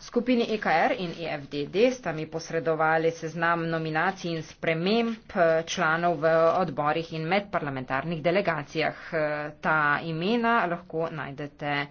Skupini EKR in EFDD sta mi posredovali seznam nominacij in sprememb eh, članov v odborih in medparlamentarnih delegacijah. Eh, ta imena lahko najdete.